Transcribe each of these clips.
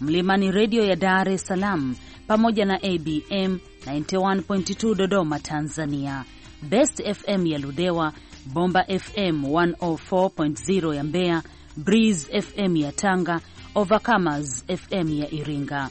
Mlimani Redio ya Dar es Salaam pamoja na ABM 91.2 Dodoma Tanzania, Best FM ya Ludewa, Bomba FM 104.0 ya Mbeya, Breeze FM ya Tanga, Overcomers FM ya Iringa,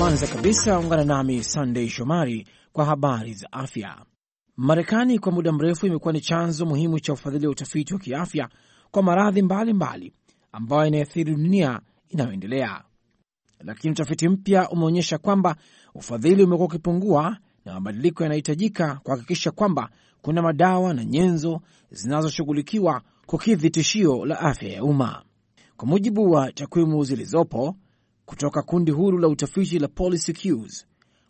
Kwanza kabisa ungana nami Sandei Shomari kwa habari za afya. Marekani kwa muda mrefu imekuwa ni chanzo muhimu cha ufadhili wa utafiti wa kiafya kwa maradhi mbalimbali ambayo inayoathiri dunia inayoendelea, lakini utafiti mpya umeonyesha kwamba ufadhili umekuwa ukipungua na mabadiliko yanahitajika kuhakikisha kwamba kuna madawa na nyenzo zinazoshughulikiwa kukidhi tishio la afya ya umma. Kwa mujibu wa takwimu zilizopo, kutoka kundi huru la utafiti la Cues.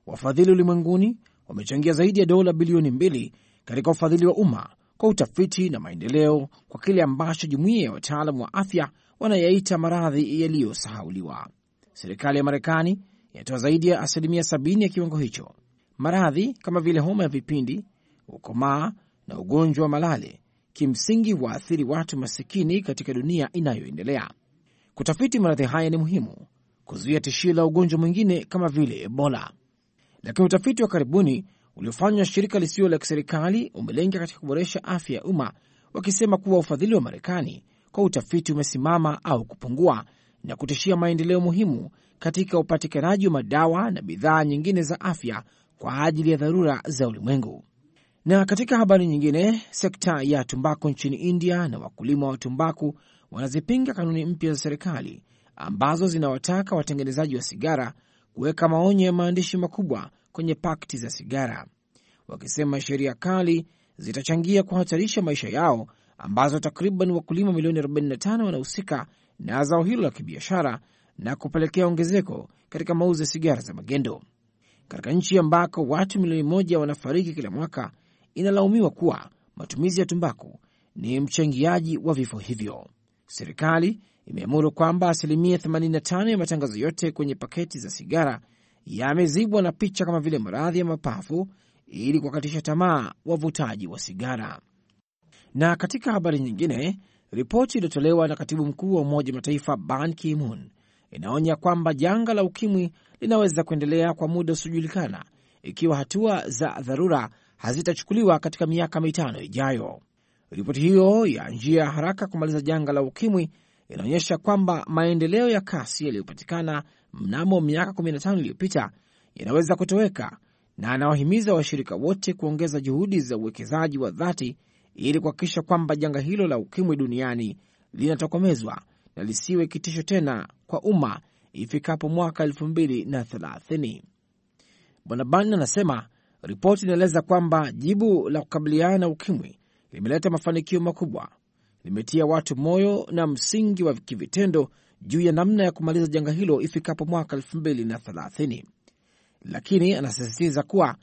Wafadhili ulimwenguni wamechangia zaidi ya dola bilioni mbili katika ufadhili wa umma kwa utafiti na maendeleo kwa kile ambacho jumuiya ya wataalam wa afya wanayaita maradhi yaliyosahauliwa. Serikali ya Marekani inatoa zaidi ya asilimia sabini ya kiwango hicho. Maradhi kama vile homa ya vipindi, ukomaa na ugonjwa wa malale kimsingi waathiri watu masikini katika dunia inayoendelea. Kutafiti maradhi haya ni muhimu kuzuia tishio la ugonjwa mwingine kama vile Ebola. Lakini utafiti wa karibuni uliofanywa shirika lisilo la kiserikali umelenga katika kuboresha afya ya umma, wakisema kuwa ufadhili wa Marekani kwa utafiti umesimama au kupungua na kutishia maendeleo muhimu katika upatikanaji wa madawa na bidhaa nyingine za afya kwa ajili ya dharura za ulimwengu. Na katika habari nyingine, sekta ya tumbaku nchini India na wakulima wa tumbaku wanazipinga kanuni mpya za serikali ambazo zinawataka watengenezaji wa sigara kuweka maonyo ya maandishi makubwa kwenye pakti za sigara, wakisema sheria kali zitachangia kuhatarisha maisha yao, ambazo takriban wakulima milioni 45 wanahusika na zao hilo la kibiashara na kupelekea ongezeko katika mauzo ya sigara za magendo katika nchi ambako watu milioni moja wanafariki kila mwaka. Inalaumiwa kuwa matumizi ya tumbaku ni mchangiaji wa vifo hivyo. Serikali imeamuru kwamba asilimia 85 ya matangazo yote kwenye paketi za sigara yamezibwa na picha kama vile maradhi ya mapafu ili kuwakatisha tamaa wavutaji wa sigara. Na katika habari nyingine, ripoti iliyotolewa na katibu mkuu wa Umoja Mataifa Ban Ki-moon inaonya kwamba janga la ukimwi linaweza kuendelea kwa muda usiojulikana ikiwa hatua za dharura hazitachukuliwa katika miaka mitano ijayo. Ripoti hiyo ya njia ya haraka kumaliza janga la ukimwi inaonyesha kwamba maendeleo ya kasi yaliyopatikana mnamo miaka 15 iliyopita yanaweza kutoweka, na anawahimiza washirika wote kuongeza juhudi za uwekezaji wa dhati ili kuhakikisha kwamba janga hilo la ukimwi duniani linatokomezwa na lisiwe kitisho tena kwa umma ifikapo mwaka 2030. Bwana Ban anasema ripoti inaeleza kwamba jibu la kukabiliana na ukimwi limeleta mafanikio makubwa, limetia watu moyo na msingi wa kivitendo juu ya namna ya kumaliza janga hilo ifikapo mwaka 2030. Lakini anasisitiza kuwa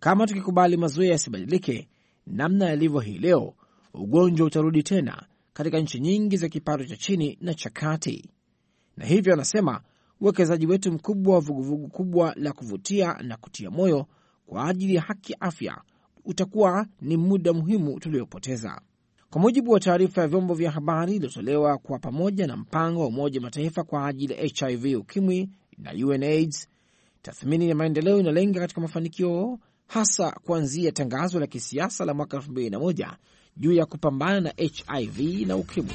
kama tukikubali mazoea yasibadilike namna yalivyo hii leo, ugonjwa utarudi tena katika nchi nyingi za kipato cha chini na cha kati, na hivyo anasema uwekezaji wetu mkubwa wa vuguvugu kubwa la kuvutia na kutia moyo kwa ajili ya haki ya afya utakuwa ni muda muhimu tuliopoteza. Kwa mujibu wa taarifa ya vyombo vya habari iliyotolewa kwa pamoja na mpango wa Umoja Mataifa kwa ajili ya HIV ukimwi na UNAIDS, tathmini ya maendeleo inalenga katika mafanikio hasa kuanzia tangazo la kisiasa la mwaka 2001 juu ya kupambana na HIV na ukimwi.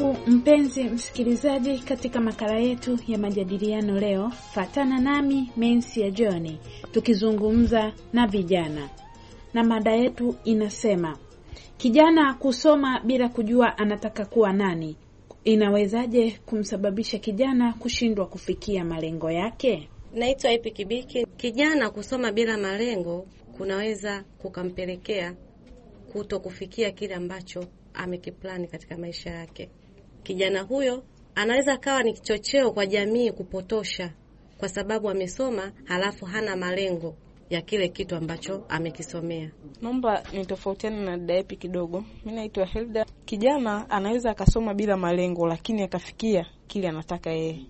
Karibu mpenzi msikilizaji katika makala yetu ya majadiliano leo. Fatana nami Mensi ya joni tukizungumza na vijana, na mada yetu inasema kijana kusoma bila kujua anataka kuwa nani inawezaje kumsababisha kijana kushindwa kufikia malengo yake? Naitwa ipikibiki Kijana kusoma bila malengo kunaweza kukampelekea kuto kufikia kile ambacho amekiplani katika maisha yake kijana huyo anaweza akawa ni kichocheo kwa jamii kupotosha, kwa sababu amesoma halafu hana malengo ya kile kitu ambacho amekisomea. Naomba nitofautiane na dada kidogo. Mi naitwa Hilda. Kijana anaweza akasoma bila malengo, lakini akafikia kile anataka yeye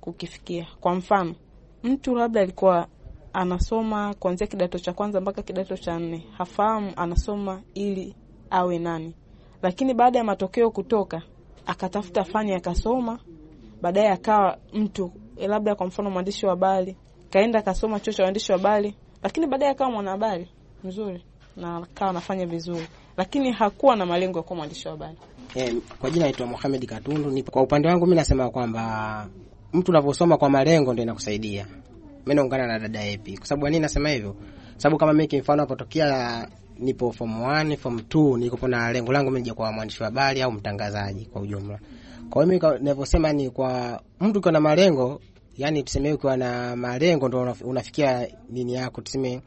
kukifikia. Kwa mfano, mtu labda alikuwa anasoma kuanzia kidato cha kwanza mpaka kidato cha nne, hafahamu anasoma ili awe nani, lakini baada ya matokeo kutoka akatafuta fani akasoma, baadaye akawa mtu eh, labda, kwa mfano mwandishi wa habari, kaenda akasoma chuo cha waandishi wa habari, lakini baadaye akawa mwanahabari mzuri na akawa anafanya vizuri, lakini hakuwa na malengo ya kuwa mwandishi wa habari. Eh, kwa jina naitwa Mohamed Katundu. Ni kwa upande wangu, mimi nasema kwamba mtu unavyosoma kwa malengo ndio inakusaidia. Mimi naungana na dada Epi. Kwa sababu nini nasema hivyo? Sababu kama mimi kimfano hapotokea nipo form 1, form 2, niko na lengo langu mimi kwa mwandishi wa habari au mtangazaji kwa ujumla. Kwa hiyo mimi ninavyosema ni kwa mtu kwa na malengo, yani tuseme ukiwa na malengo ndio unafikia nini yako, tuseme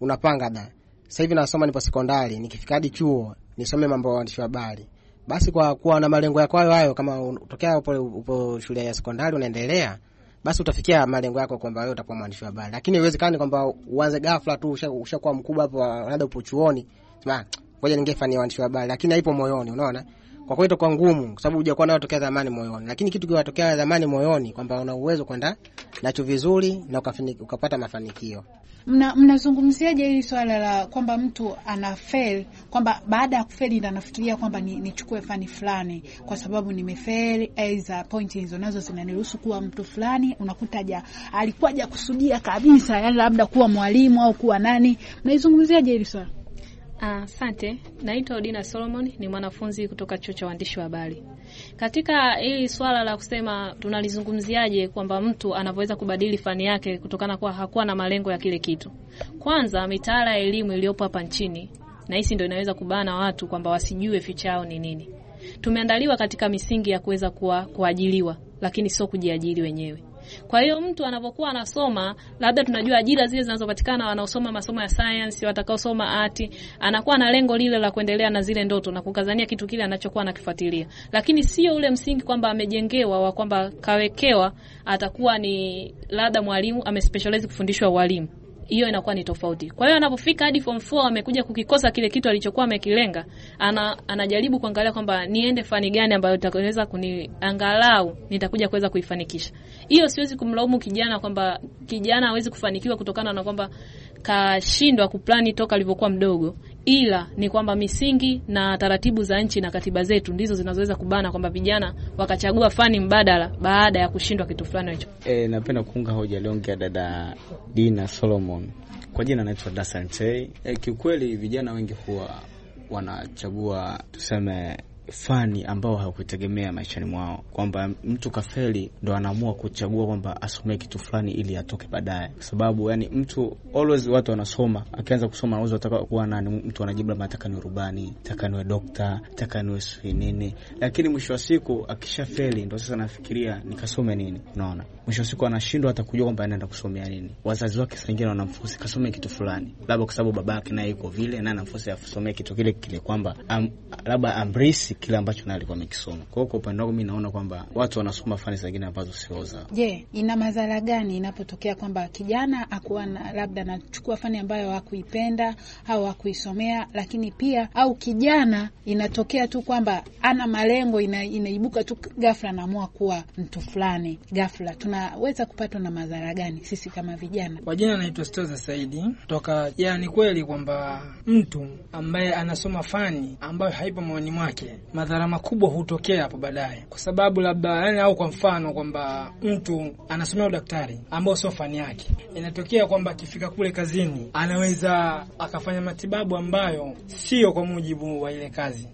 unapanga da. Sasa hivi nasoma nipo sekondari, nikifika hadi chuo nisome mambo ya uandishi wa habari. Basi kwa kuwa na malengo yako hayo hayo, kama utokea upo, upo shule ya sekondari unaendelea basi utafikia malengo yako kwamba wewe utakuwa mwandishi wa habari, lakini haiwezekani kwamba uanze ghafla tu ushakuwa mkubwa hapo, labda upo chuoni, sema ngoja ningefanya uandishi wa habari, lakini haipo moyoni. Unaona, kwa kweli itakuwa ngumu, kwa sababu hujakuwa nayo tokea zamani moyoni. Lakini kitu kiwatokea zamani moyoni, kwamba una uwezo kwenda nacho vizuri na ukapata mafanikio. Mnazungumziaje hili swala la kwamba mtu ana fail, kwamba baada ya kufeli ndo anafikiria kwamba nichukue ni fani fulani kwa sababu nimefeli, aidha eh, pointi hizo nazo zinaniruhusu kuwa mtu fulani. Unakuta ja alikuwa kusudia kabisa, yani labda kuwa mwalimu au kuwa nani. Mnaizungumziaje hili swala? Asante, uh, naitwa Odina Solomon, ni mwanafunzi kutoka chuo cha uandishi wa habari. Katika hili swala la kusema tunalizungumziaje kwamba mtu anavyoweza kubadili fani yake kutokana kwa hakuwa na malengo ya kile kitu, kwanza mitaala ya elimu iliyopo hapa nchini na hisi ndio inaweza kubana watu kwamba wasijue ficha yao ni nini. Tumeandaliwa katika misingi ya kuweza kuajiliwa, lakini sio kujiajiri wenyewe. Kwa hiyo mtu anapokuwa anasoma, labda tunajua ajira zile zinazopatikana wanaosoma masomo ya science, watakaosoma art, anakuwa na lengo lile la kuendelea na zile ndoto na kukazania kitu kile anachokuwa anakifuatilia. Lakini sio ule msingi kwamba amejengewa wa kwamba kawekewa atakuwa ni labda mwalimu amespecialize kufundishwa walimu hiyo inakuwa ni tofauti. Kwa hiyo anapofika hadi form 4 amekuja kukikosa kile kitu alichokuwa amekilenga, ana, anajaribu kuangalia kwamba niende fani gani ambayo itaweza kuniangalau nitakuja kuweza kuifanikisha. Hiyo siwezi kumlaumu kijana kwamba kijana hawezi kufanikiwa kutokana na kwamba kashindwa kuplani toka alivyokuwa mdogo, ila ni kwamba misingi na taratibu za nchi na katiba zetu ndizo zinazoweza kubana kwamba vijana wakachagua fani mbadala baada ya kushindwa kitu fulani hicho. E, napenda kuunga hoja aliongea dada Dina Solomon, kwa jina anaitwa Dasante. E, kiukweli vijana wengi huwa wanachagua tuseme fani ambao hawakutegemea maishani mwao, kwamba mtu kafeli ndo anaamua kuchagua kwamba asomee kitu fulani ili atoke baadaye, kwa sababu yani mtu always, watu wanasoma, akianza kusoma anaweza kutaka kuwa nani, mtu anajibu labda nataka niwe rubani, nataka niwe dokta, nataka niwe sijui nini, lakini mwisho wa siku akisha feli ndo sasa anafikiria nikasome nini. Unaona, mwisho wa siku anashindwa hata kujua kwamba anaenda kusomea nini. Wazazi wake wengine wanamfusi kasome kitu fulani, labda kwa sababu babake naye yuko vile, naye anamfusi asomee kitu kile kile, kwamba labda amrisi kile ambacho naye alikuwa amekisoma. Kwa hiyo kwa upande wangu mi naona kwamba watu wanasoma fani zingine ambazo sio zao. Je, yeah, ina madhara gani inapotokea kwamba kijana akuwa na labda anachukua fani ambayo hakuipenda au hakuisomea, lakini pia au kijana inatokea tu kwamba ana malengo ina, inaibuka tu ghafla anaamua kuwa mtu fulani ghafla, tunaweza kupatwa na madhara gani sisi kama vijana? Kwa jina naitwa Stoza Saidi toka. Ya, ni kweli kwamba mtu ambaye anasoma fani ambayo haipo maoni mwake madhara makubwa hutokea hapo baadaye, kwa sababu labda yani, au kwa mfano kwamba mtu anasomea udaktari ambao sio fani yake, inatokea kwamba akifika kule kazini anaweza akafanya matibabu ambayo sio kwa mujibu wa ile kazi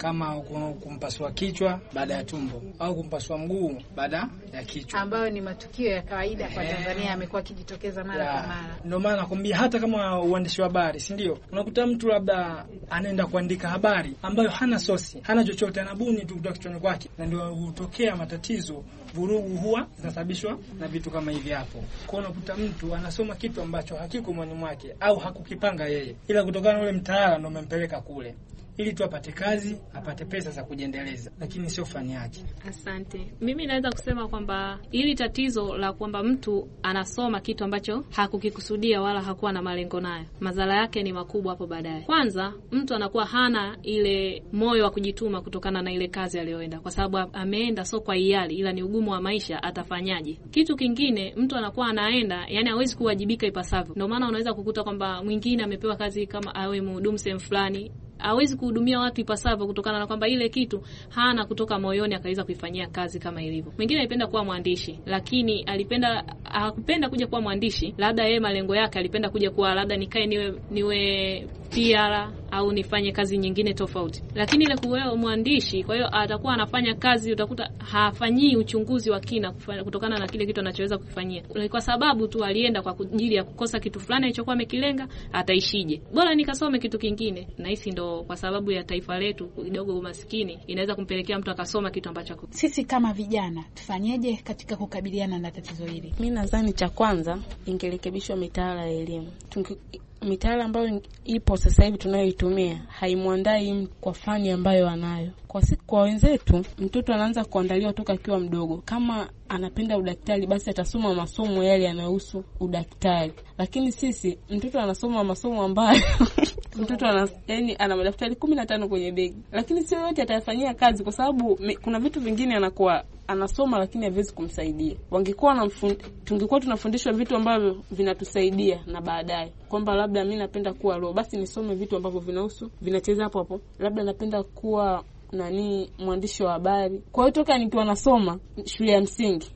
kama kumpasua kichwa baada ya tumbo au kumpasua mguu baada ya kichwa, ambayo ni matukio ya kawaida kwa Tanzania, yamekuwa akijitokeza mara kwa mara. Ndio maana nakwambia hata kama uandishi wa habari, si ndio? Unakuta mtu labda anaenda kuandika habari ambayo hana sosi, hana chochote, anabuni tu kutoka kichwani kwake, na ndio hutokea matatizo. Vurugu huwa zinasababishwa na vitu kama hivi hapo. Kwa unakuta mtu anasoma kitu ambacho hakiko mwani mwake au hakukipanga yeye, ila kutokana na ule mtaala ndio umempeleka kule ili tu apate kazi, apate pesa za kujiendeleza, lakini sio fani yake. Asante. Mimi naweza kusema kwamba hili tatizo la kwamba mtu anasoma kitu ambacho hakukikusudia wala hakuwa na malengo nayo, madhara yake ni makubwa hapo baadaye. Kwanza, mtu anakuwa hana ile moyo wa kujituma kutokana na ile kazi aliyoenda, kwa sababu ameenda so kwa hiari, ila ni ugumu wa maisha, atafanyaje? Kitu kingine, mtu anakuwa anaenda, yani hawezi kuwajibika ipasavyo. Ndio maana unaweza kukuta kwamba mwingine amepewa kazi kama awe mhudumu sehemu fulani hawezi kuhudumia watu ipasavyo kutokana na kwamba ile kitu hana kutoka moyoni akaweza kuifanyia kazi kama ilivyo. Mwingine alipenda kuwa mwandishi, lakini alipenda hakupenda kuja kuwa mwandishi, labda yeye malengo yake alipenda kuja kuwa labda nikae niwe niwe PR au nifanye kazi nyingine tofauti, lakini ile kuwa mwandishi, kwa hiyo atakuwa anafanya kazi, utakuta hafanyii uchunguzi wa kina kutokana na kile kitu anachoweza kufanyia kwa sababu tu alienda kwa ajili ya kukosa kitu fulani alichokuwa amekilenga. Ataishije? Bora nikasome kitu kingine. na hisi ndo kwa sababu ya taifa letu kidogo umaskini inaweza kumpelekea mtu akasoma kitu ambacho haku. Sisi kama vijana tufanyeje katika kukabiliana na tatizo hili? Mi nadhani cha kwanza ingerekebishwa mitaala ya elimu mitaala ambayo ipo sasa hivi tunayoitumia haimwandai kwa fani ambayo anayo. Kwa siku kwa wenzetu, mtoto anaanza kuandaliwa toka akiwa mdogo. Kama anapenda udaktari, basi atasoma masomo yale yanayohusu udaktari, lakini sisi mtoto anasoma masomo ambayo mtoto ana yani ana madaftari kumi na tano kwenye begi, lakini sio yote atayafanyia kazi, kwa sababu kuna vitu vingine anakuwa anasoma lakini haviwezi kumsaidia. Wangekuwa wanamfund, tungekuwa tunafundishwa vitu ambavyo vinatusaidia na baadaye, kwamba labda mi napenda kuwa roho, basi nisome vitu ambavyo vinahusu vinacheza hapo hapo, labda napenda kuwa nani mwandishi wa habari. Kwa hiyo toka nikiwa nasoma shule ya msingi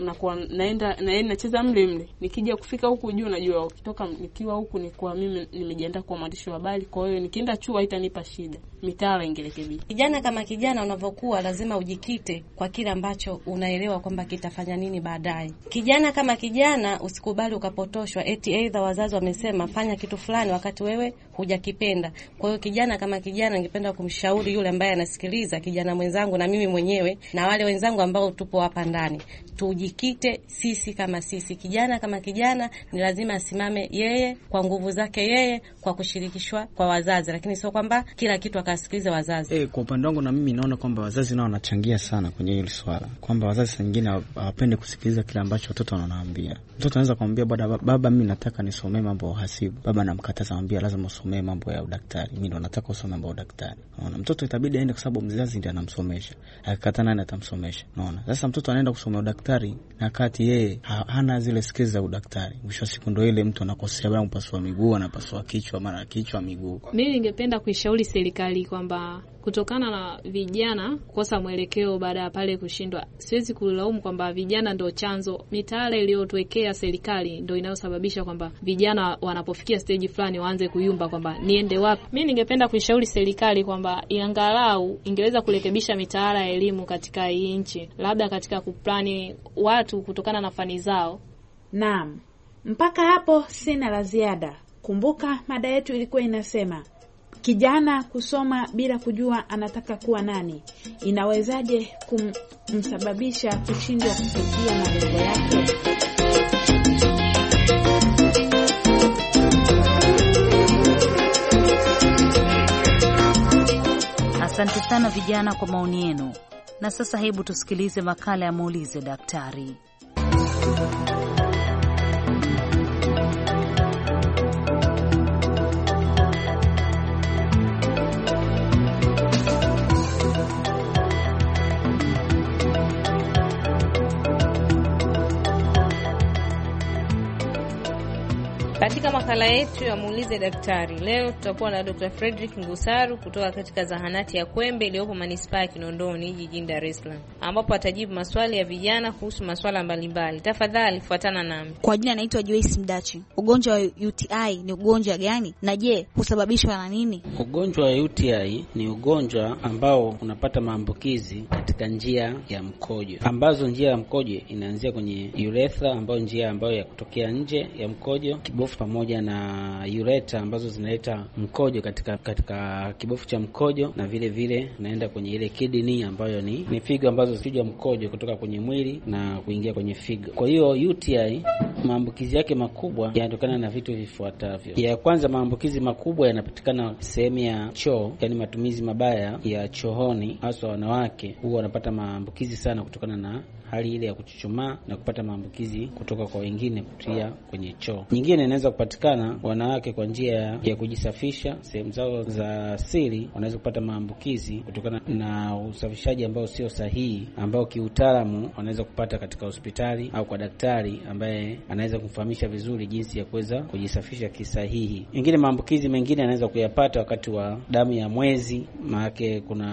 na kwa naenda na nacheza mle mle, nikija kufika huku juu, najua ukitoka nikiwa huku ni kwa mimi nimejiandaa kwa mwandishi wa habari, kwa hiyo nikienda chuo haitanipa shida, mitaa wengelekebia. Kijana kama kijana unavyokuwa, lazima ujikite kwa kile ambacho unaelewa kwamba kitafanya nini baadaye. Kijana kama kijana, usikubali ukapotoshwa eti aidha wazazi wamesema fanya kitu fulani wakati wewe hujakipenda. Kwa hiyo kijana kama kijana, ningependa kumshauri yule ambaye anasikiliza, kijana mwenzangu na mimi mwenyewe na wale wenzangu ambao tupo hapa ndani, tujikite sisi kama sisi. Kijana kama kijana ni lazima asimame yeye kwa nguvu zake yeye, kwa kushirikishwa kwa wazazi, lakini sio kwamba kila kitu akasikiliza wazazi. Hey, eh, kwa upande wangu na mimi naona kwamba wazazi nao wanachangia sana kwenye hili swala, kwamba wazazi wengine hawapende kusikiliza kile ambacho watoto wanaambia. Mtoto anaweza kumwambia baba, baba, mimi nataka nisomee mambo ya uhasibu. Baba anamkataza, anamwambia lazima usome akusomee mambo ya udaktari, mi ndo nataka usome mambo ya udaktari. Naona mtoto itabidi aende, kwa sababu mzazi ndi anamsomesha. akikata nani atamsomesha? Naona sasa mtoto anaenda kusomea udaktari na kati yeye ha, hana zile skills za udaktari. Mwisho wa siku ndo ile mtu anakosea, bwana, kupasua miguu, anapasua kichwa, mara kichwa, miguu. Mi ningependa kuishauri serikali kwamba kutokana na vijana kukosa mwelekeo baada ya pale kushindwa. Siwezi kulaumu kwamba vijana ndo chanzo. Mitaala iliyotwekea serikali ndo inayosababisha kwamba vijana wanapofikia steji fulani waanze kuyumba kwamba niende wapi. Mi ningependa kuishauri serikali kwamba angalau ingeweza kurekebisha mitaala ya elimu katika hii nchi, labda katika kuplani watu kutokana na fani zao. Naam, mpaka hapo sina la ziada. Kumbuka mada yetu ilikuwa inasema kijana kusoma bila kujua anataka kuwa nani inawezaje kumsababisha kushindwa kufikia malengo yake? Asante sana vijana kwa maoni yenu. Na sasa hebu tusikilize makala ya muulize daktari. makala yetu ya muulize daktari. Leo tutakuwa na Dr. Frederick Ngusaru kutoka katika zahanati ya Kwembe iliyopo manispaa ya Kinondoni jijini Dar es Salaam, ambapo atajibu maswali ya vijana kuhusu maswala mbalimbali. Tafadhali fuatana nami. Kwa jina anaitwa Joyce Mdachi. Ugonjwa wa UTI ni ugonjwa gani, na je, husababishwa na nini? Ugonjwa wa UTI ni ugonjwa ambao unapata maambukizi katika njia ya mkojo, ambazo njia ya mkojo inaanzia kwenye urethra, ambayo njia ambayo ya kutokea nje ya mkojo, kibofu pamoja na ureta ambazo zina inaleta mkojo katika katika kibofu cha mkojo, na vile vile naenda kwenye ile kidney ambayo ni ni figo ambazo zikuja mkojo kutoka kwenye mwili na kuingia kwenye figo. Kwa hiyo UTI maambukizi yake makubwa yanatokana na vitu vifuatavyo. Ya kwanza, maambukizi makubwa yanapatikana sehemu ya choo, yani matumizi mabaya ya chooni, hasa wanawake huwa wanapata maambukizi sana kutokana na hali ile ya kuchuchumaa na kupata maambukizi kutoka kwa wengine kupitia kwenye choo. Nyingine inaweza kupatikana wanawake kwa njia ya kujisafisha sehemu zao za siri, wanaweza kupata maambukizi kutokana na usafishaji ambao sio sahihi, ambao kiutaalamu wanaweza kupata katika hospitali au kwa daktari ambaye anaweza kumfahamisha vizuri jinsi ya kuweza kujisafisha kisahihi. Ingine maambukizi mengine anaweza kuyapata wakati wa damu ya mwezi, maanake kuna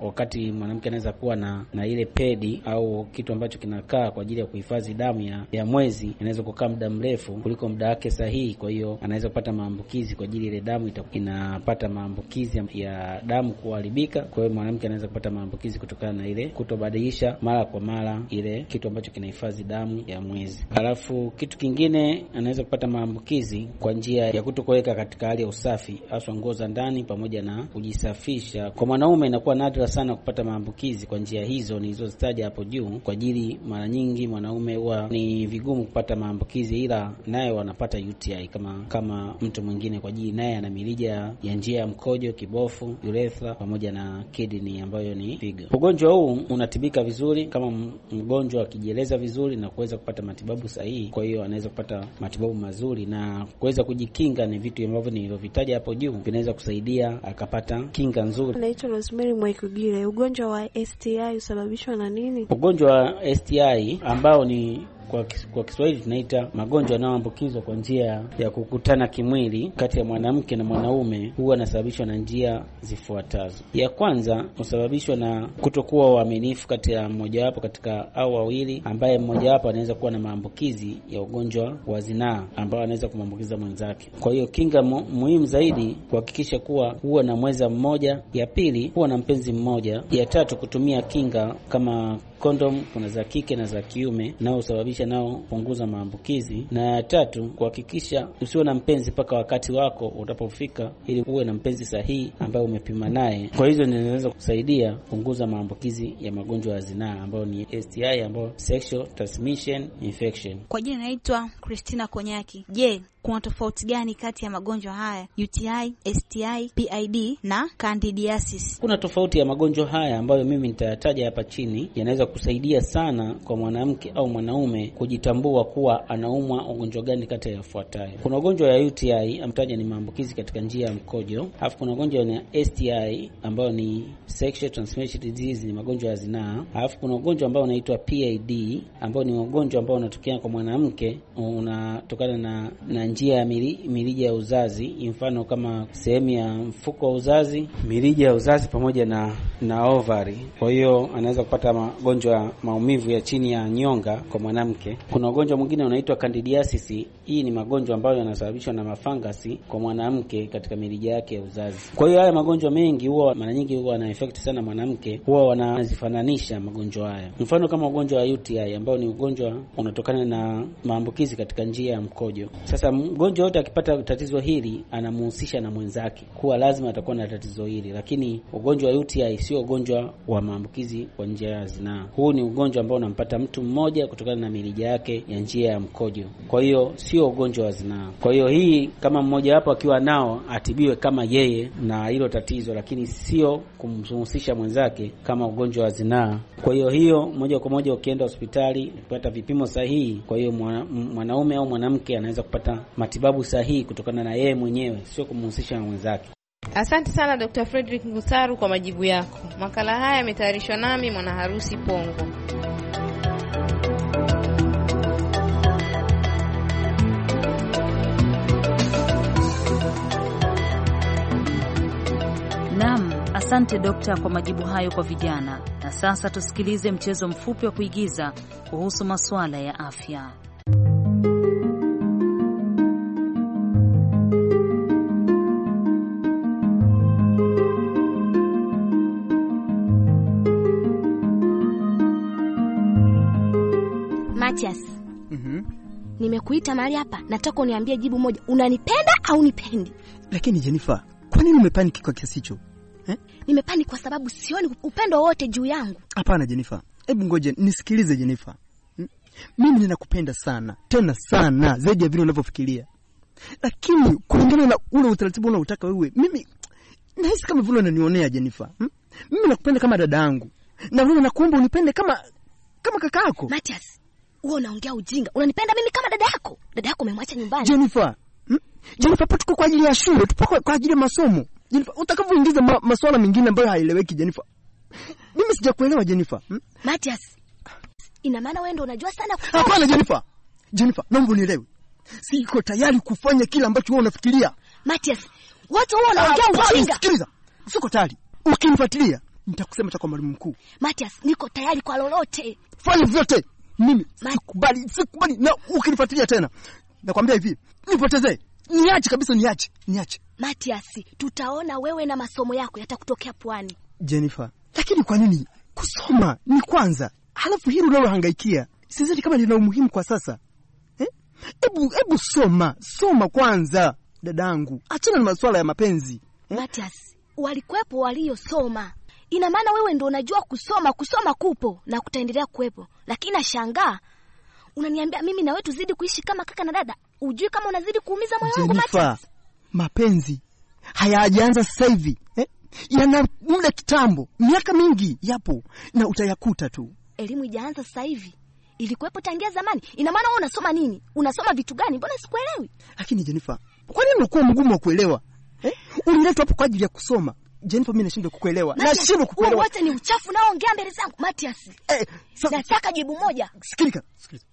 wakati mwanamke anaweza kuwa na, na ile pedi au kitu kitu ambacho kinakaa kwa ajili ya kuhifadhi damu ya, ya mwezi inaweza kukaa muda mrefu kuliko muda wake sahihi. Kwa hiyo anaweza kupata maambukizi kwa ajili ile damu inapata maambukizi ya damu kuharibika. Kwa hiyo mwanamke anaweza kupata maambukizi kutokana na ile kutobadilisha mara kwa mara ile kitu ambacho kinahifadhi damu ya mwezi. alafu kitu kingine anaweza kupata maambukizi kwa njia ya kutokuweka katika hali ya usafi, haswa nguo za ndani pamoja na kujisafisha. Kwa mwanaume inakuwa nadra sana kupata maambukizi kwa njia hizo nilizozitaja hapo juu kwa ajili mara nyingi mwanaume huwa ni vigumu kupata maambukizi, ila naye wanapata UTI kama kama mtu mwingine, kwa ajili naye ana mirija ya njia ya mkojo, kibofu, urethra pamoja na kidney ambayo ni figo. Ugonjwa huu unatibika vizuri kama mgonjwa akijieleza vizuri na kuweza kupata matibabu sahihi. Kwa hiyo anaweza kupata matibabu mazuri na kuweza kujikinga. Ni vitu ambavyo nilivyovitaja hapo juu vinaweza kusaidia akapata kinga nzuri. Naitwa Rosemary Mwaikugile. Ugonjwa wa STI husababishwa na nini? Ugonjwa STI ambao ni kwa, kwa Kiswahili tunaita magonjwa yanayoambukizwa kwa njia ya kukutana kimwili kati ya mwanamke na mwanaume huwa anasababishwa na njia zifuatazo. Ya kwanza husababishwa na kutokuwa uaminifu kati ya mmojawapo katika au wawili, ambaye mmojawapo anaweza kuwa na maambukizi ya ugonjwa wa zinaa ambao anaweza kumwambukiza mwenzake. Kwa hiyo kinga mu, muhimu zaidi kuhakikisha kuwa huwa na mweza mmoja. Ya pili huwa na mpenzi mmoja. Ya tatu kutumia kinga kama kondom, kuna za kike na za kiume, nao husababisha nao yanayopunguza maambukizi, na tatu, kuhakikisha usiwe na mpenzi mpaka wakati wako utapofika, ili uwe na mpenzi sahihi ambaye umepima naye. Kwa hizo ninaweza kusaidia kupunguza maambukizi ya magonjwa ya zinaa ambayo ni STI, ambayo sexual transmission infection. Kwa jina naitwa Christina Konyaki. Je, kuna tofauti gani kati ya magonjwa haya UTI, STI, PID na candidiasis? Kuna tofauti ya magonjwa haya ambayo mimi nitayataja hapa chini, yanaweza kusaidia sana kwa mwanamke au mwanaume kujitambua kuwa anaumwa ugonjwa gani kati ya yafuatayo. Kuna ugonjwa ya UTI amtaja ni maambukizi katika njia ya mkojo, alafu kuna ugonjwa ya STI ambayo ni sexually transmitted disease, ni magonjwa ya zinaa, alafu kuna ugonjwa ambao unaitwa PID ambao ni ugonjwa ambao unatokea kwa mwanamke, unatokana na, na njia ya mili, mirija ya uzazi, mfano kama sehemu ya mfuko wa uzazi, mirija ya uzazi pamoja na na ovari. Kwa hiyo anaweza kupata magonjwa maumivu ya chini ya nyonga kwa mwanamke mwanamke. Kuna ugonjwa mwingine unaitwa candidiasis. Hii ni magonjwa ambayo yanasababishwa na mafangasi kwa mwanamke katika mirija yake ya uzazi. Kwa hiyo haya magonjwa mengi huwa mara nyingi huwa na effect sana mwanamke, huwa wanazifananisha magonjwa haya. Mfano kama ugonjwa wa UTI ambao ni ugonjwa unatokana na maambukizi katika njia ya mkojo. Sasa mgonjwa yote akipata tatizo hili anamhusisha na mwenzake kuwa lazima atakuwa na tatizo hili, lakini ugonjwa wa UTI sio ugonjwa wa maambukizi kwa njia ya zinaa. Huu ni ugonjwa ambao unampata mtu mmoja kutokana na mirija yake ya njia ya mkojo. Kwa hiyo sio ugonjwa wa zinaa. Kwa hiyo hii, kama mmoja wapo akiwa nao atibiwe kama yeye na hilo tatizo, lakini sio kumhusisha mwenzake kama ugonjwa wa zinaa. Kwa hiyo hiyo, moja kwa moja ukienda hospitali kupata vipimo sahihi. Kwa hiyo mwanaume au mwanamke anaweza kupata matibabu sahihi kutokana na yeye mwenyewe, sio kumhusisha na mwenzake. Asante sana Dr. Frederick Ngusaru kwa majibu yako. Makala haya yametayarishwa nami mwana harusi Pongo. Asante dokta kwa majibu hayo kwa vijana. Na sasa tusikilize mchezo mfupi wa kuigiza kuhusu masuala ya afya. Matias, mm-hmm. Nimekuita mahali hapa, nataka uniambie jibu moja, unanipenda au nipendi? Lakini Jennifer, kwa nini umepaniki kwa kiasi hicho? Eh? Nimepani kwa sababu sioni upendo wote juu yangu. Hapana Jenifa, hebu ngoje nisikilize Jenifa. Hmm? Mimi ninakupenda sana tena sana zaidi ya vile unavyofikiria, lakini kulingana na ule utaratibu unaotaka wewe, mimi nahisi kama vile unanionea Jenifa. Hmm? Mimi nakupenda kama dada yangu na vile nakuomba unipende kama kama kaka yako Matias. Wewe unaongea ujinga. Unanipenda mimi kama dada yako? Dada yako umemwacha nyumbani. Jenifa, hmm? Jenifa, tuko kwa ajili ya shule, tupo kwa ajili ya masomo. Jennifer, utakavyoingiza ma, maswala mengine ambayo haieleweki Jennifer. Mimi sijakuelewa Jennifer. Hmm? Matias. Ina maana wewe ndio unajua sana Hapana Jennifer. Jennifer, naomba unielewe. Siko tayari kufanya kile ambacho wewe unafikiria. Matias, watu wao wanaongea ah, ujinga. Sikiliza. Siko tayari. Ukinifuatilia nitakusema cha kwa mwalimu mkuu. Matias, niko tayari kwa lolote. Fanya vyote. Mimi sikubali, sikubali na ukinifuatilia tena. Nakwambia hivi, nipotezee. Niache kabisa, niache, niache. Matiasi, tutaona wewe na masomo yako yatakutokea pwani. Jennifer, lakini kwa nini kusoma ni kwanza, halafu hili unalohangaikia sizani kama lina umuhimu kwa sasa eh? Ebu, ebu soma soma kwanza, dadangu, achana na masuala ya mapenzi eh? Matias, walikuwepo waliyosoma. Ina maana wewe ndo unajua kusoma. Kusoma kupo na kutaendelea kuwepo, lakini nashangaa unaniambia mimi na wewe tuzidi kuishi kama kaka na dada. Ujui kama unazidi kuumiza moyo wangu Matata. Mapenzi hayajaanza sasa hivi eh? Yana muda kitambo, miaka mingi yapo na utayakuta tu. Elimu ijaanza sasa hivi, ilikuwepo tangia zamani. Ina maana wewe unasoma nini? Unasoma vitu gani? Mbona sikuelewi? Lakini Jenifa, kwa nini unakuwa mgumu wa kuelewa eh? Uliletwa hapo kwa ajili ya kusoma. Jenifa, mimi nashindwa kukuelewa, nashindwa kukuelewa. Wote ni uchafu nao, ongea mbele zangu Matias. Eh, so, nataka jibu moja. Sikiliza, sikiliza,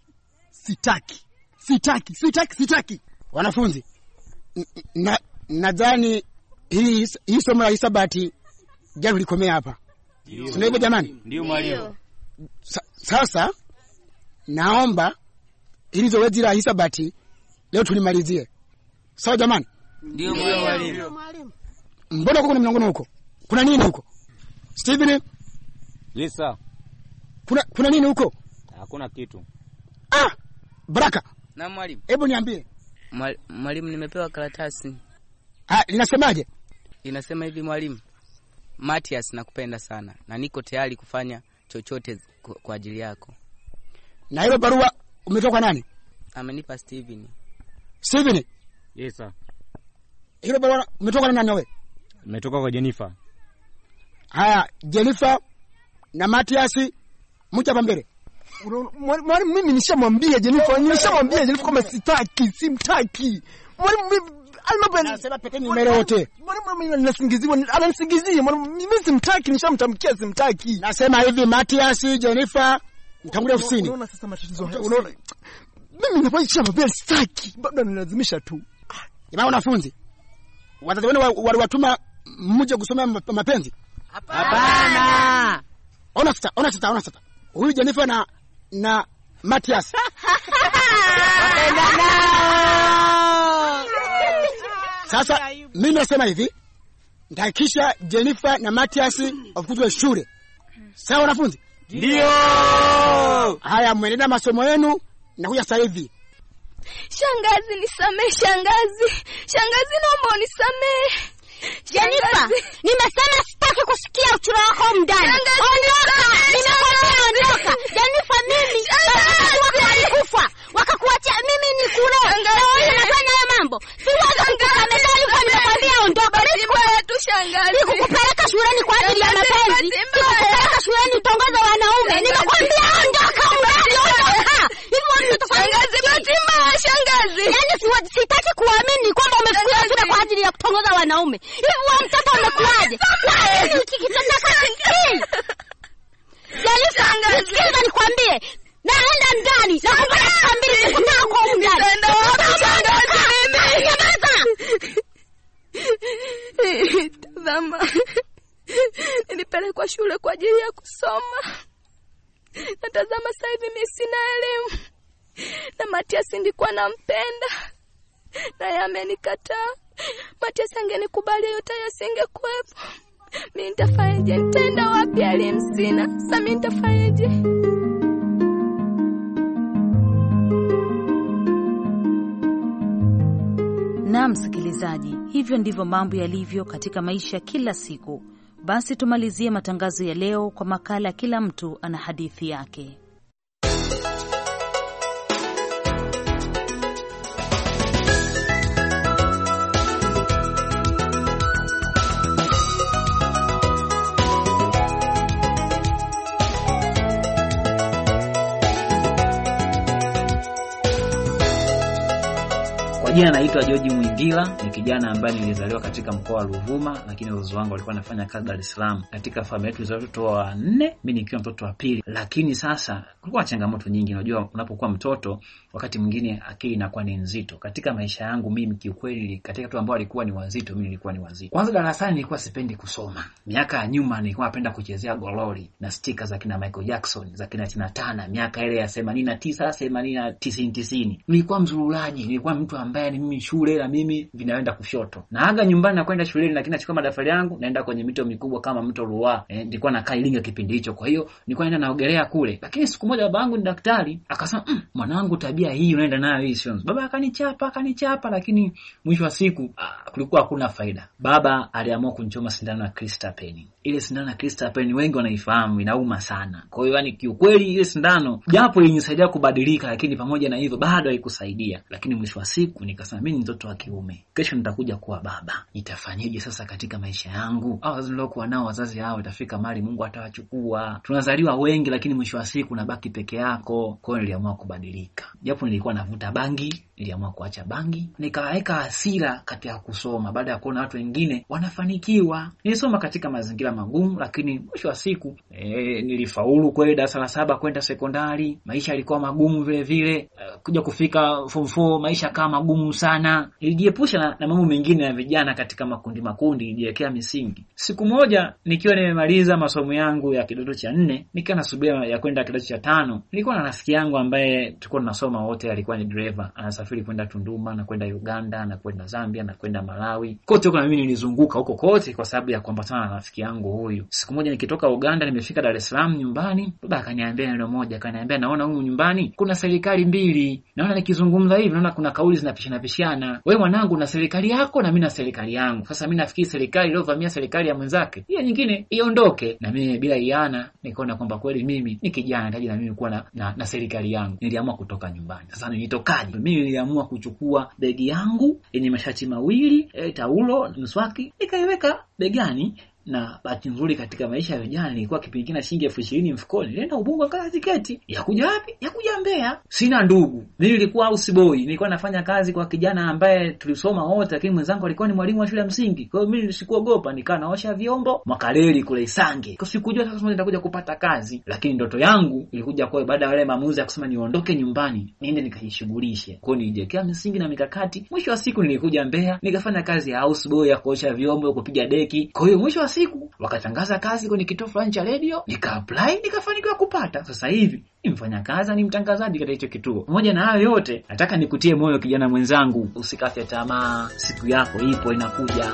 sitaki sitaki, sitaki, sitaki. Wanafunzi, nadhani hii hii somo la hisabati jana likomea hapa, sio hivyo jamani? Ndio mwalimu. sasa naomba hili zoezi la hisabati leo tulimalizie, sawa jamani? Ndio mwalimu. Mbona kuna mlangoni huko, kuna nini huko Steven? Yes sir. Kuna, kuna nini huko? Hakuna kitu. Ah, Baraka na mwalimu, hebu niambie mwalimu, nimepewa karatasi. Ah, linasemaje? Linasema hivi mwalimu, Matias, nakupenda sana na niko tayari kufanya chochote kwa ajili yako. Na hilo barua umetoka nani? Amenipa Steven. Steven? Yes sir. Hilo barua umetoka na nani wewe? Umetoka kwa Jennifer. Haya, Jennifer na Matias mcha hapa mbele mwalimu, mimi nishamwambia Jenifa, nishamwambia Jenifa kwamba sitaki, simtaki mwalimu mimi, simtaki, nishamtamkia simtaki. Nasema hivi Matias, Jenifa, mtangulia ofisini. mimi sitaki, bado nilazimisha tu. Jamaa wanafunzi, wazazi wenu waliwatuma mje kusomea mapenzi? Hapana. Ona sasa, ona sasa, ona sasa, huyu Jenifa na na Matias Sasa mimi nasema hivi, nitahakikisha Jennifer na Matias wafukuzwe shule. Sawa wanafunzi? Ndio. Haya, mwendelea masomo yenu, nakuja sasa hivi. Shangazi nisamee, shangazi. Shangazi naomba unisamee. Jenifa, nimesema sitaki kusikia uchuro wako mndani. Ondoka, nimekwambia ondoka. Jenifa, mimi wako walikufa wakakuachia mimi ni kule nafanya hayo mambo, siwezi kukupa medali kwa nimekwambia ondoka. Sikukupeleka shuleni kwa ajili ya mapenzi, sikukupeleka shuleni utongoza wanaume, nimekwambia ondoka hivyo. Shangazi, Yaani sitaki kuamini kwamba ume kwa ajili ya kutongoza wanaume. Hivi wa mtoto amekuaje? umekulaje? Sikiza nikwambie, naenda ndani na kumbana saa mbili kutaka kwa umdani. Tazama, nilipelekwa shule kwa ajili ya kusoma, natazama sasa hivi mimi sina elimu, na Matiasi ndikuwa nampenda na yamenikataa. Mateso angenikubali yote yasingekuwepo. Mi nitafanyaje? Nitaenda wapi? Alimsina sasa, mi nitafanyaje? Na msikilizaji, hivyo ndivyo mambo yalivyo katika maisha kila siku. Basi tumalizie matangazo ya leo kwa makala, kila mtu ana hadithi yake. Kwa jina naitwa George Mwingila, ni kijana ambaye nilizaliwa katika mkoa wa Ruvuma, lakini wazazi wangu walikuwa nafanya kazi Dar es Salaam. Katika familia yetu watoto wa nne, mimi nikiwa mtoto wa pili. Lakini sasa kulikuwa changamoto nyingi. Unajua, unapokuwa mtoto wakati mwingine akili inakuwa ni nzito. Katika maisha yangu mimi kiukweli, katika watu ambao walikuwa ni wazito, mimi nilikuwa ni wazito. Kwanza darasani nilikuwa sipendi kusoma. Miaka ya nyuma nilikuwa napenda kuchezea gololi na stika za kina Michael Jackson, za kina Tina Turner, miaka ile ya 89 89 90. Nilikuwa mzururaji, nilikuwa mtu ambaye Bayern mimi shule na mimi vinaenda kushoto. Naaga nyumbani na kwenda shuleni, lakini nachukua madaftari yangu naenda kwenye mito mikubwa kama mto Ruwa. Eh, nilikuwa nakaa Ilinga kipindi hicho, kwa hiyo nilikuwa naenda naogelea kule. Lakini siku moja baba yangu ni daktari akasema, mmm, mwanangu, tabia hii unaenda nayo hii sio. Baba akanichapa akanichapa, lakini mwisho wa siku ah, kulikuwa hakuna faida. Baba aliamua kunichoma sindano ya Crystal Ile sindano ya Crystal wengi wanaifahamu, inauma sana. Kwa hiyo yani, kiukweli ile sindano japo ilinisaidia kubadilika, lakini pamoja na hivyo bado haikusaidia. Lakini mwisho wa siku nikasema mimi ni mtoto wa kiume, kesho nitakuja kuwa baba, itafanyeje sasa katika maisha yangu? Au wazazi niliokuwa nao, wazazi hao itafika mali Mungu atawachukua. Tunazaliwa wengi, lakini mwisho wa siku nabaki peke yako. Kwa hiyo niliamua kubadilika, japo nilikuwa navuta bangi, niliamua kuacha bangi, nikaweka hasira kati ya kusoma, baada ya kuona watu wengine wanafanikiwa. Nilisoma katika mazingira magumu, lakini mwisho wa siku e, nilifaulu kweli darasa la saba kwenda sekondari. Maisha yalikuwa magumu vile vile, eh, kuja kufika form 4 maisha kama magumu ngumu sana. Ilijiepusha na, na mambo mengine ya vijana katika makundi makundi, ilijiwekea misingi. Siku moja nikiwa nimemaliza masomo yangu ya kidato cha nne, nikiwa nasubiria ya kwenda kidato cha tano, nilikuwa na rafiki yangu ambaye tulikuwa tunasoma wote, alikuwa ni dreva anasafiri kwenda Tunduma na kwenda Uganda na kwenda Zambia na kwenda Malawi, kote huko na mimi nilizunguka huko kote kwa sababu ya kuambatana na rafiki yangu huyu. Siku moja nikitoka Uganda, nimefika Dar es Salaam nyumbani, baba akaniambia neno moja, akaniambia naona humu nyumbani kuna serikali mbili, naona nikizungumza hivi, naona kuna kauli zinapisha vinapishana, we mwanangu na serikali yako na mimi na serikali yangu. Sasa mi nafikiri serikali iliyovamia serikali ya mwenzake hiyo nyingine iondoke, na mimi bila iana nikaona kwamba kweli mimi ni kijana taji na mimi kuwa na, na, na serikali yangu. Niliamua kutoka nyumbani. Sasa nilitokaje? Mimi niliamua kuchukua begi yangu yenye mashati mawili e, taulo, mswaki nikaiweka begani na bahati nzuri katika maisha ya vijana nilikuwa kipindi kina shilingi elfu ishirini mfukoni, nilienda Ubungo kaza tiketi ya kuja wapi, ya kuja Mbeya. Sina ndugu, mimi nilikuwa house boy, nilikuwa nafanya kazi kwa kijana ambaye tulisoma wote, lakini mwenzangu alikuwa ni mwalimu wa shule ya msingi. Kwa hiyo mimi sikuogopa, nikaa naosha vyombo makaleli kule Isange, kwa sikujua sasa mimi nitakuja kupata kazi, lakini ndoto yangu ilikuja kwa baada ya wale maamuzi ya kusema niondoke nyumbani niende nikajishughulishe. Kwa hiyo nilijiwekea msingi na mikakati. Mwisho wa siku nilikuja mbea nikafanya kazi ya house boy, ya kuosha vyombo, kupiga deki. Kwa hiyo mwisho wa siku, wakatangaza kazi kwenye kituo fulani cha redio, nikaapply nikafanikiwa kupata. Sasa hivi ni mfanyakazi, ni mtangazaji katika hicho kituo. Pamoja na hayo yote, nataka nikutie moyo kijana mwenzangu, usikate tamaa, siku yako ipo inakuja.